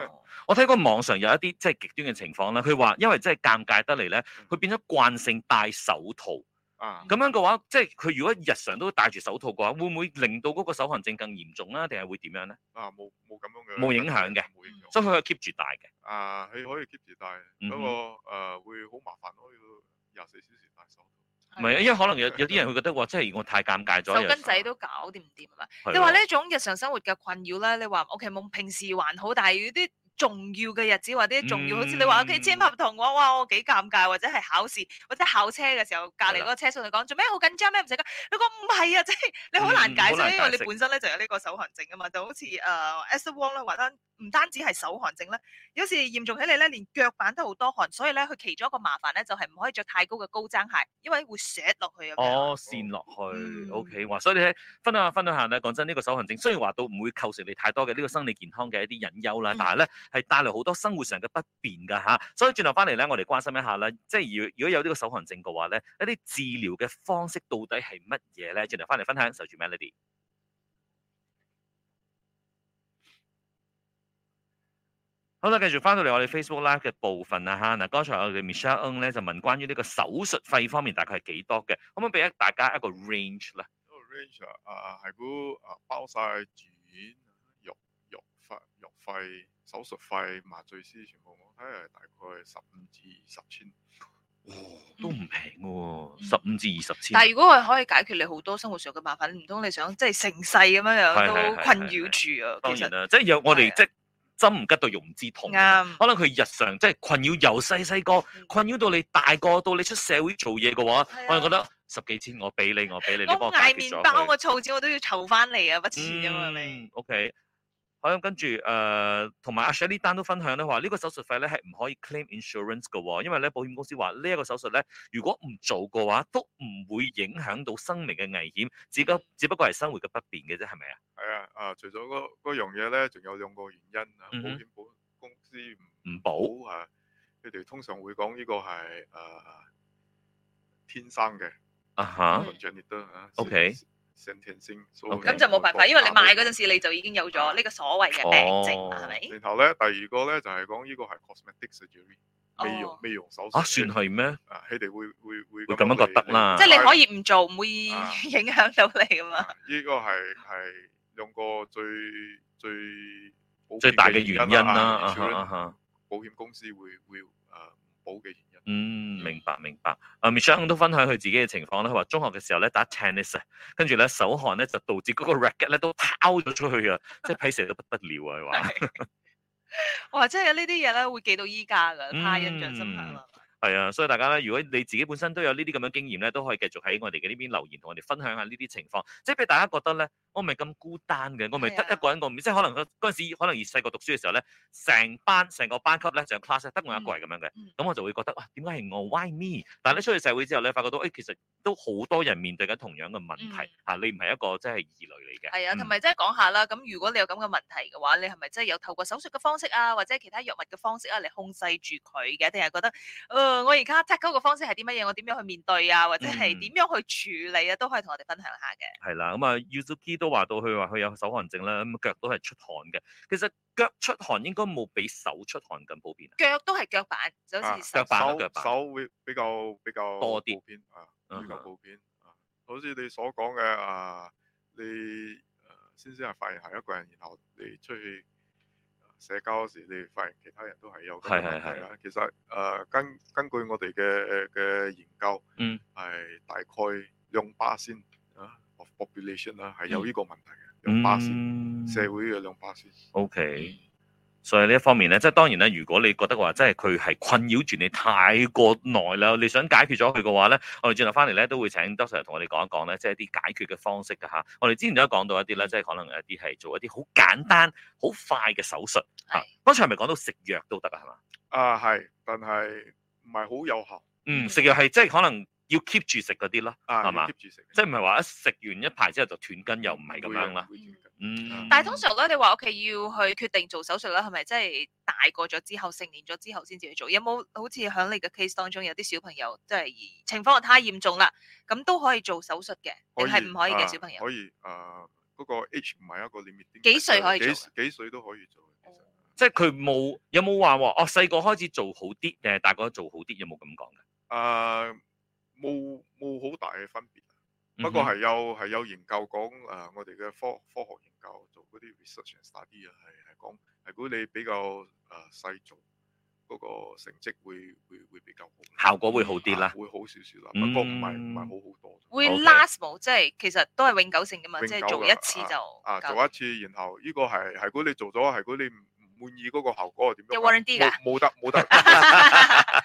啊，我睇過網上有一啲即係極端嘅情況咧，佢話因為即係尷尬得嚟咧，佢變咗慣性戴手套。啊，咁樣嘅話，即係佢如果日常都戴住手套嘅話，會唔會令到嗰個手汗症更嚴重呢呢啊？定係會點樣咧？啊，冇冇咁樣嘅，冇影響嘅，冇影響都可以 keep 住戴嘅。啊、嗯哼，係、呃、可以 keep 住戴，不過誒會好麻煩咯，要廿四小時戴手套。唔係的，因為可能有有啲人會覺得，哇，即係如果太尷尬咗。手巾仔都搞掂唔掂啊？ *laughs* 你話呢種日常生活嘅困擾咧，你話 OK 冇，平時還好，但係啲。重要嘅日子或者重要，好似你話我嘅簽合同，哇，我幾尷尬；或者係考試或者考車嘅時候，隔離嗰個車手嚟講，做咩好緊張咩？唔使㗎，你講唔係啊，即 *laughs* 係你好難解釋，嗯、難解釋因為你本身咧、嗯、就有呢個手汗症啊嘛，就好似誒 As the one 咧，唔單唔單止係手汗症咧，有時嚴重起嚟咧，連腳板都好多汗，所以咧佢其中一個麻煩咧就係、是、唔可以着太高嘅高踭鞋，因為會跣落去哦，跣落去、嗯，OK，哇！所以咧，分享下分享下咧，講真，呢、呢個手汗症雖然話到唔會構成你太多嘅呢、呢個生理健康嘅一啲隱憂啦，嗯、但係咧。係帶來好多生活上嘅不便㗎吓，所以轉頭翻嚟咧，我哋關心一下啦。即係如如果有呢個手汗症嘅話咧，一啲治療嘅方式到底係乜嘢咧？轉頭翻嚟分享，守住 Melody。 *noise* 好啦，繼續翻到嚟我哋 Facebook Live 嘅部分啊嚇。嗱，剛才我哋 Michelle Ng 咧就問關於呢個手術費方面大概係幾多嘅，可唔可以俾一大家一個 range 咧？一個 range 啊，係估啊，包曬住院肉肉費、肉費。手術費麻醉師全部我睇係大概十五至二十千，哦、都唔平喎，十五至二十千。嗯、但係如果佢可以解決你好多生活上嘅麻煩，唔通你想即係成世咁樣樣都困擾住啊是是是是是？當然其實啊，即係有我哋即係針唔吉到肉唔知痛。啱、啊，可能佢日常即係困擾由細細個、嗯、困擾到你大個到你出社會做嘢嘅話，我就、啊、覺得十幾千我俾你，我俾你你幫我解決咗我捱麵包，我儲錢我都要籌翻嚟啊，不似咁啊你。嗯、o、okay. k 咁跟住誒，同埋阿 Shelly 單都分享咧，話呢個手術費咧係唔可以 claim insurance 嘅喎，因為咧保險公司話呢一個手術咧，如果唔做嘅話，都唔會影響到生命嘅危險，只不只不過係生活嘅不便嘅啫，係咪啊？係啊，啊除咗嗰、那個、樣嘢咧，仲有兩個原因啊，嗯、保險保公司唔保，保啊，佢哋通常會講呢個係誒、啊、天生嘅，啊嚇 congenital，OK 先天性咁就冇辦法，Okay. 因為你買嗰陣時你就已經有咗呢個所謂嘅病症啦，係咪、oh. 吧？然後咧第二個咧就係講呢個係 cosmetic surgery 美容美容手術啊，算係咩？啊，佢哋會會會會咁樣覺得啦，即係你可以唔做，唔會影響到你噶嘛？呢、啊啊這個係係兩個最最、啊、最大嘅原因啦，吓保險公司會會啊。嗯，明白明白。阿 Michelle 都分享佢自己嘅情況啦。佢話中學嘅時候咧打 tennis，跟住咧手汗咧就導致嗰個 racket 咧都拋咗出去啊，即係批射都不得了啊！佢話 *laughs* *laughs* 哇，即係呢啲嘢咧會記到依家噶，太印象深刻啦。嗯係啊，所以大家咧，如果你自己本身都有呢啲咁嘅經驗咧，都可以繼續喺我哋嘅呢邊留言，同我哋分享下呢啲情況，即係俾大家覺得咧，我唔係咁孤單嘅，我咪得一個人個，個，啊、即係可能嗰嗰陣時，可能越細個讀書嘅時候咧，成班成個班級咧就 class 得我一個係咁樣嘅，咁、嗯嗯、我就會覺得哇，點解係我？Why me？但係咧，出去社會之後咧，你發覺到誒、哎，其實都好多人面對緊同樣嘅問題吓、嗯啊，你唔係一個即係異類嚟嘅。係啊，同埋即係講下啦，咁如果你有咁嘅問題嘅話，你係咪真係有透過手術嘅方式啊，或者其他藥物嘅方式啊嚟控制住佢嘅，定係覺得？呃誒、嗯，我而家 tackle 嗰個方式係啲乜嘢？我點樣去面對啊？或者係點樣去處理啊？嗯、都可以同我哋分享下嘅。係啦，咁啊，YouTube 都話到佢話佢有手汗症啦，咁腳都係出汗嘅。其實腳出汗應該冇比手出汗咁普遍。腳都係腳板，就好似手、啊、腳板腳板手會比較比較多啲，啊、嗯、哼比較普遍好似你所講嘅啊，你誒先先係發現係一,一個人，然後你出去。社交嗰時，你發現其他人都係有咁嘅問題，是是是，其實，呃、根根據我哋嘅研究，係、嗯呃、大概兩巴仙啊，of population 啦，有呢個問題嘅兩巴仙，社會嘅兩巴仙。OK。所以呢一方面咧，即係當然咧，如果你覺得話，即係佢係困擾住你太過耐啦，你想解決咗佢嘅話咧，我哋轉頭翻嚟咧都會請 doctor 同我哋講一講咧，即係一啲解決嘅方式㗎吓，我哋之前都講到一啲咧，即係可能一啲係做一啲好簡單、好快嘅手術吓，剛才係咪講到食藥都得啊？係嘛？啊係，但係唔係好有效？啊、是是有效嗯，食藥係即係可能。要 keep 住食嗰啲咯，係嘛吧？keep 住食即係唔係話一食完一排之後就斷根，又唔係咁樣啦。嗯，但係通常咧，你話屋企要去決定做手術咧，係咪即係大個咗之後、成年咗之後先至去做？有冇好似喺你嘅 case 當中，有啲小朋友即係情況太嚴重啦，咁都可以做手術嘅，定係唔可以嘅小朋友？可以，誒、uh,，嗰、uh, 個 H 唔係一個 limit。幾歲可以做幾？幾歲都可以做，其實。嗯、即係佢冇有冇話喎？哦，細個開始做好啲，誒，大個做好啲，有冇咁講㗎？誒。冇冇好大嘅分別，不過係有係有研究講誒、呃，我哋嘅科科學研究做嗰啲 research study 啊，係係講係估你比較誒、呃、細做嗰、嗰個成績會會會比較好，效果會好啲啦、啊，會好少少啦，嗯、不過唔係唔係好好多。會 last 冇？即係其實都係永久性噶嘛，即、啊、係、啊、做一次就啊做一次，然後呢個係係估你做咗係估你。滿意嗰個效果係點樣？就 warranty 冇得冇得，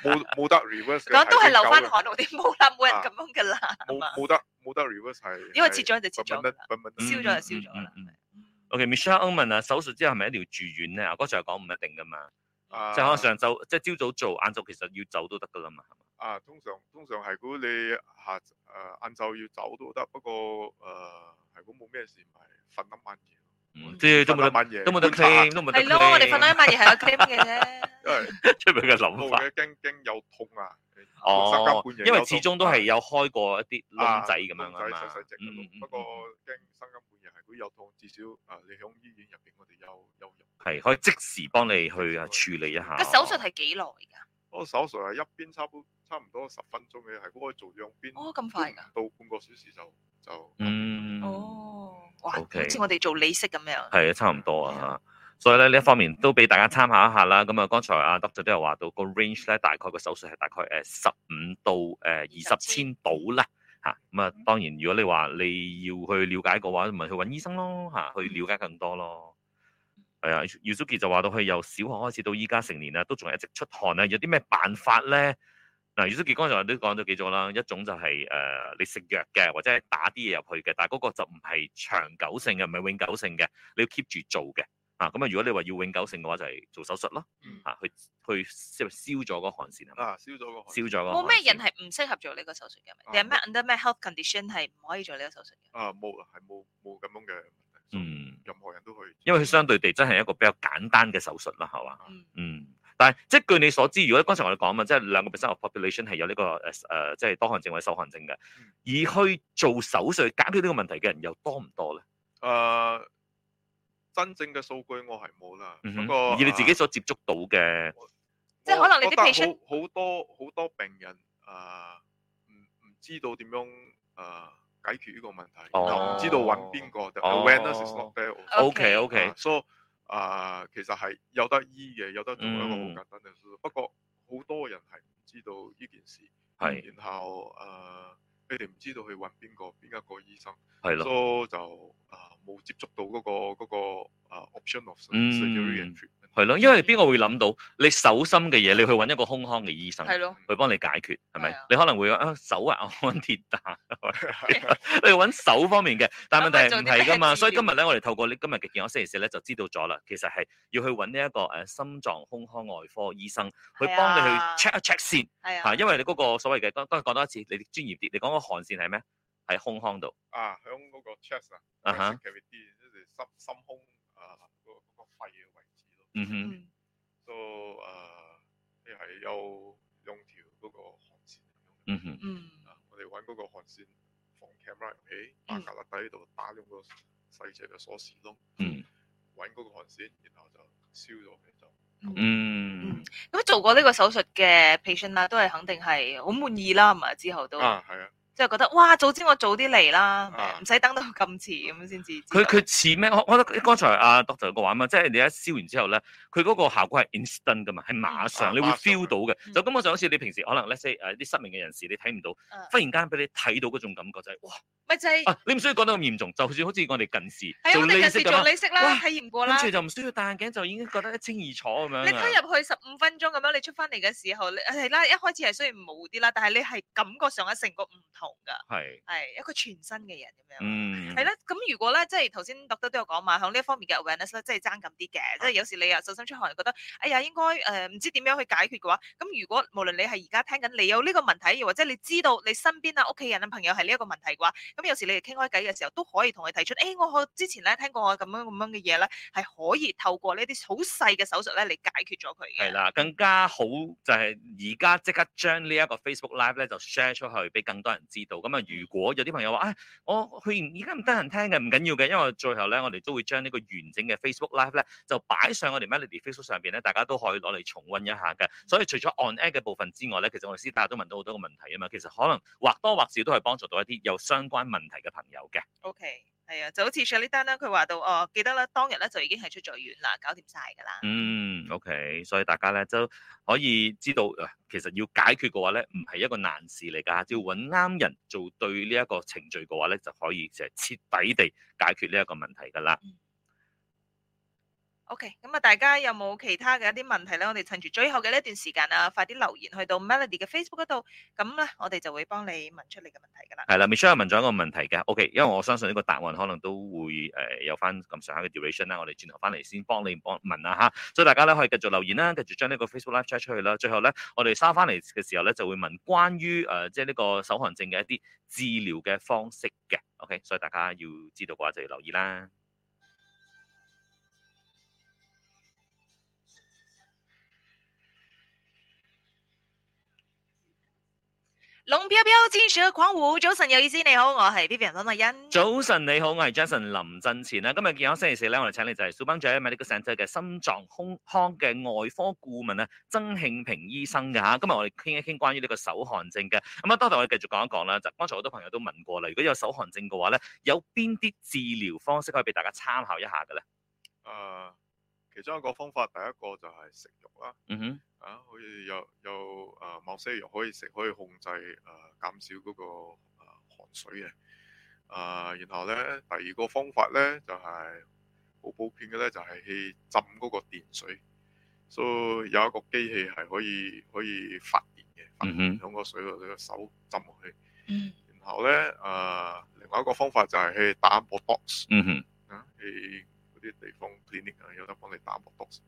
冇冇得 reverse 都係留翻台我哋冇啦，冇人咁樣噶啦。冇冇得冇得 reverse 係。因為切咗就切咗啦，燒咗、嗯、就燒咗啦。OK Michelle 問啊，手術之後係咪一定要住院咧？嗰時候講唔一定噶嘛。即係可能上晝即係朝早做，晏晝其實要走都得噶啦嘛。啊，通常通常係估你下誒晏晝要走都得，不過誒係估冇咩事咪瞓一晚唔知都冇得乜嘢，都冇得傾，都冇係咯，我哋瞓到一晚夜係有傾嘅啫。因為出邊嘅諗法，驚驚有痛啊！哦，因為始終都係有開過一啲窿、啊、仔咁樣噶嘛。嗯嗯嗯。不過驚生更半夜係，如果有痛，嗯嗯、至少啊，你響醫院入邊我哋有有。係可以即時幫你去處理一下。個、哦、手術係幾耐噶？我手術係一邊差唔差唔多十分鐘嘅，係可以做兩邊。哦，咁快㗎！到半個小時就就嗯哦，哇！好似 Okay. 我哋做利息咁樣。係啊，差唔多啊嚇。嗯、所以咧呢一方面都俾大家參考一下啦。咁啊、嗯，剛才阿德 o 都有話到個 range 咧，大概個手術係大概誒十五到誒二十千到啦嚇。咁啊千，嗯、當然如果你話你要去了解個話，咪去揾醫生咯嚇，去了解更多咯。係啊，余淑杰就話到佢由小學開始到依家成年咧，都仲係一直出汗咧，有啲咩辦法咧？嗱，余淑杰剛才都講咗幾多啦，一種就係、是、誒，uh, 你食藥嘅，或者係打啲嘢入去嘅，但係嗰個就唔係長久性嘅，唔係永久性嘅，你要 keep 住做嘅。Uh, 嗯、啊，咁啊，如果你話要永久性嘅話，就係做手術咯，吓去去即係燒咗嗰汗腺啊，燒咗個，燒咗個，冇咩人係唔適合做呢個手術嘅？你有咩 under 咩 health condition 係唔可以做呢個手術嘅？啊冇啊，係冇冇咁樣嘅。嗯，任何人都去，因為佢相對地真係一個比較簡單嘅手術啦，係嘛？嗯，嗯，但係即係據你所知，如果剛才我哋講啊，即係兩個 percent of population 係有呢個誒誒，即係多汗症或者手汗症嘅，嗯、而去做手術去解決呢個問題嘅人又多唔多咧？誒、呃，真正嘅數據我係冇啦，嗯、哼但以你自己所接觸到嘅，即係可能你啲 patient 好多好多，多病人啊，唔、呃、唔知道點樣誒。呃解決呢個問題，就唔知道揾邊個。The awareness is not there. OK, OK，所以啊，其實係有得醫嘅，有得做一個好簡單嘅手術、嗯、不過好多人係唔知道呢件事，係是然後啊，你哋唔知道去揾邊個邊一個醫生，係咯的，所以就啊冇接觸到嗰、那個嗰、那個 uh, option of surgery、嗯。係咯，因為邊個會諗到你手心嘅嘢，你去揾一個胸腔嘅醫生，係咯的，去幫你解決，係咪？的你可能會啊手啊，我揾鐵打。 *laughs* *laughs* 你揾手方面嘅，但係問題唔係噶嘛，所以今日咧，我哋透過你今日嘅健康星期四咧，就知道咗啦，其實係要去揾呢一個誒、啊、心臟胸腔外科醫生，去幫你去 check 一 check 先，係啊的，的因為你嗰個所謂嘅，剛才講多一次，你專業啲，你講個汗腺係咩？喺胸腔度啊，響嗰個 chest 啊，啊，即心心胸啊，嗰嗰個肺嘅嗯哼，都啊、mm，亦係有用條嗰個汗線。嗯、hmm. 哼、uh。嗯。啊，我哋揾嗰個汗線，放 camera 唔起，把架底喺度打兩個細隻嘅鎖匙窿。嗯。揾嗰個汗線，然後就燒咗佢。就嗯。咁做過呢個手術嘅 patient 啊，都係肯定係好滿意啦，係咪之後都？啊，係啊。就係覺得哇！早知我早啲嚟啦，唔使等到咁遲咁樣先至。佢佢似咩？我覺得啲剛才阿 Doctor 個話嘛，即係你一燒完之後咧，佢嗰個效果係 instant 噶嘛，係馬上你會 feel 到嘅。就根本上好似你平時可能咧 say 啲失明嘅人士你睇唔到，忽然間俾你睇到嗰種感覺就係哇！咪就係你唔需要講得咁嚴重，就算好似我哋近視做 LASIK 啦，體驗過啦，住就唔需要戴眼鏡就已經覺得一清二楚咁樣。你推入去十五分鐘咁樣，你出翻嚟嘅時候，你係啦，一開始係雖然模糊啲啦，但係你係感覺上一成個唔同。係係是一個全新嘅人咁樣，係啦、嗯。咁如果咧，即係頭先特登都有講嘛，響呢一方面嘅 awareness 即係爭咁啲嘅。的即係有時你又手心出汗，覺得哎呀應該誒唔、呃、知點樣去解決嘅話，咁如果無論你係而家聽緊，你有呢個問題，又或者你知道你身邊啊屋企人啊朋友係呢一個問題嘅話，咁有時你哋傾開偈嘅時候，都可以同佢提出。誒、欸，我之前咧聽過我咁樣咁樣嘅嘢咧，係可以透過呢啲好細嘅手術咧嚟解決咗佢嘅。係啦，更加好就係而家即刻將呢一個 Facebook Live 咧就 share 出去俾更多人。知道咁啊！如果有啲朋友話啊、哎，我佢而家唔得人聽嘅，唔緊要嘅，因為最後咧，我哋都會將呢個完整嘅 Facebook Live 咧，就擺上我哋 Melody Facebook 上邊咧，大家都可以攞嚟重溫一下嘅。所以除咗按 app 嘅部分之外咧，其實我哋私底下都問到好多個問題啊嘛，其實可能或多或少都係幫助到一啲有相關問題嘅朋友嘅。OK。係啊，就好似上呢 e l 佢話到哦，記得啦，當日咧就已經係出咗院啦，搞掂晒㗎啦。嗯，OK，所以大家咧就可以知道，其實要解決嘅話咧，唔係一個難事嚟㗎，只要揾啱人做對呢一個程序嘅話咧，就可以就係徹底地解決呢一個問題㗎啦。OK，咁啊，大家有冇其他嘅一啲問題咧？我哋趁住最後嘅一段時間啊，快啲留言去到 Melody 嘅 Facebook 嗰度，咁咧我哋就會幫你問出你嘅問題噶啦。係啦，Michelle 問咗一個問題嘅，OK，因為我相信呢個答案可能都會誒有翻咁上下嘅 duration 啦。我哋轉頭翻嚟先幫你幫問啊嚇，所以大家咧可以繼續留言啦，繼續將呢個 Facebook Live share 出去啦。最後咧，我哋收翻嚟嘅時候咧就會問關於誒即係呢個手汗症嘅一啲治療嘅方式嘅，OK，所以大家要知道嘅話就要留意啦。龍飄飄，天使狂舞，早晨有意思，你好，我係 B B 人温慧欣。 *noise* 早晨你好，我係 Jason 林振前啦。今日健康星期四咧，我哋請你就係小班長，係呢個聖濟嘅心臟胸腔嘅外科顧問啦，曾慶平醫生㗎吓。今日我哋傾一傾關於呢個手汗症嘅咁啊，多謝我哋繼續講一講啦。就剛才好多朋友都問過啦，如果有手汗症嘅話咧，有邊啲治療方式可以俾大家參考一下嘅咧？誒、uh。其中一個方法，第一個就係食肉啦。嗯哼、mm，hmm. 啊，好似有有誒某些藥可以食，可以控制誒、呃、減少嗰個誒汗水嘅。啊、呃，然後咧，第二個方法咧就係、是、好普遍嘅咧，就係去浸嗰個電水。所、so, 以有一個機器係可以可以發電嘅，喺個水度，你個、mm hmm. 手浸落去。然後咧，誒、呃，另外一個方法就係去打 Botox、mm。嗯哼。啊，去。啲地方鍛煉啊，有得幫你打 Botox。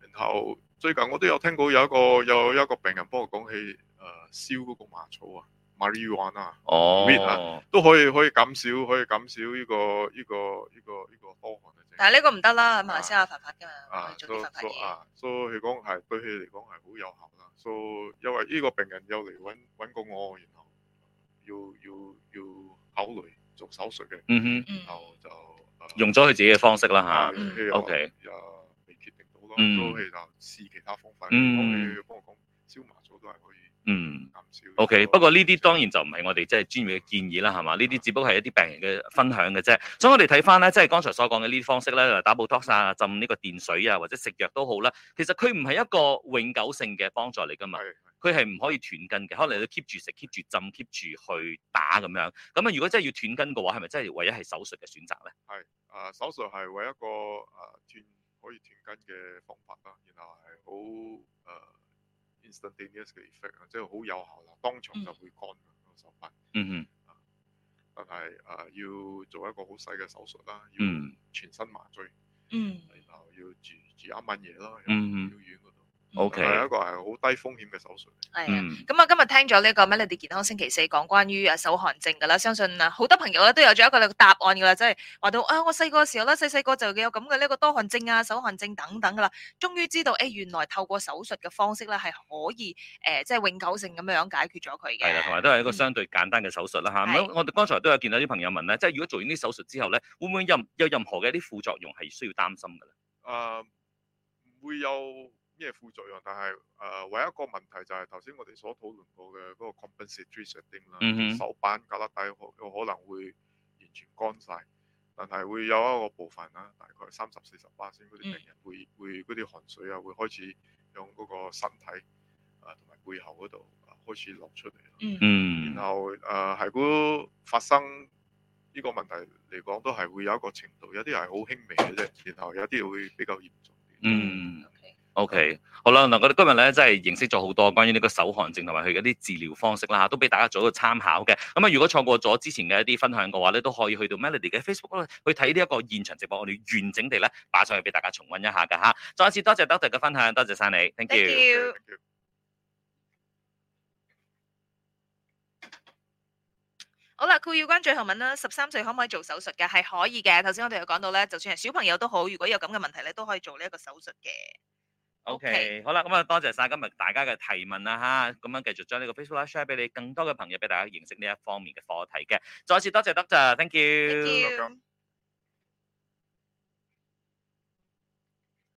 然後最近我都有聽過有一個有一個病人幫我講起，誒、呃，燒嗰個麻草啊，marijuana 啊，哦，都可以可以減少可以減少呢個呢、這個呢、這個呢、這個多汗症，但係呢個唔得啦，喺馬來西亞犯法噶嘛，做犯法，所以佢講係對佢嚟講係好有效啦。所、so, 以因為呢個病人又嚟搵搵過我，然後要要要,要考慮做手術嘅，然後就。 *music* *music* 用咗佢自己嘅方式啦吓 OK，又未決定到咯，都係就試其他方法，你幫我講，消麻咗都係可以。Um, okay, 嗯，OK。不過呢啲當然就唔係我哋即係專業嘅建議啦，係嘛？呢啲只不過係一啲病人嘅分享嘅啫。嗯、所以我哋睇翻咧，即係剛才所講嘅呢啲方式咧，例如打保妥莎、浸呢個電水啊，或者食藥都好啦。其實佢唔係一個永久性嘅幫助嚟㗎嘛。佢係唔可以斷根嘅，的可能你都 keep 住食、keep 住浸、keep 住去打咁樣。咁啊，如果真係要斷根嘅話，係咪真係唯一係手術嘅選擇咧？係，誒手術係唯一個誒斷可以斷根嘅方法啦，然後係好誒。呃 In instantaneous effect 即係好有效啦，當場就會乾嘅個手法。嗯、啊、哼，但係誒、啊、要做一個好細嘅手術啦，要全身麻醉，嗯，然後要住住一晚夜咯，要院度。O Okay . K，一個係好低風險嘅手術。係咁啊，嗯、今日聽咗呢個 Melody 健康星期四講關於啊手汗症嘅啦，相信啊好多朋友咧都有咗一個答案嘅啦，即係話到啊，我細個嘅時候咧，細細個就有咁嘅呢個多汗症啊、手汗症等等嘅啦，終於知道誒、哎、原來透過手術嘅方式咧係可以誒即係永久性咁樣解決咗佢嘅。係啊，同埋都係一個相對簡單嘅手術啦嚇。咁、嗯、的我哋剛才都有見到啲朋友問咧，即、就、係、是、如果做完啲手術之後咧，會唔會有有任何嘅一啲副作用係需要擔心嘅咧？啊，唔會有。咩副作用？但係誒、呃，唯一一個問題就係頭先我哋所討論過嘅嗰個 compensatory sweating 啦，手板、隔得帶好有可能會完全乾晒，但係會有一個部分啦，大概三十四十巴仙嗰啲病人會、mm hmm. 會嗰啲汗水啊，會開始用嗰個身體啊同埋背後嗰度啊開始流出嚟。Mm hmm. 然後誒係估發生呢個問題嚟講，都係會有一個程度，有啲係好輕微嘅啫，然後有啲會比較嚴重啲。嗯、mm。Hmm. Mm hmm. O.K. 好啦，嗱，我哋今日咧真係認識咗好多關於呢個手汗症同埋佢嘅一啲治療方式啦，嚇都俾大家做一個參考嘅。咁啊，如果錯過咗之前嘅一啲分享嘅話咧，都可以去到 Melody 嘅 Facebook 去睇呢一個現場直播，我哋完整地咧擺上去俾大家重温一下嘅嚇。再一次多謝 Doctor 嘅分享，多謝晒你。Thank you。Thank you。好啦，酷耀關最後問啦，十三歲可唔可以做手術嘅？係可以嘅。頭先我哋又講到咧，就算係小朋友都好，如果有咁嘅問題咧，都可以做呢一個手術嘅。O Okay, K，Okay. 好啦，咁、嗯、啊，多謝曬今日大家嘅提問啦。哈，咁樣繼續將呢個 Facebook Live share 俾你更多嘅朋友，俾大家認識呢一方面嘅課題嘅。再次多謝 Doctor，Thank you, Thank you.。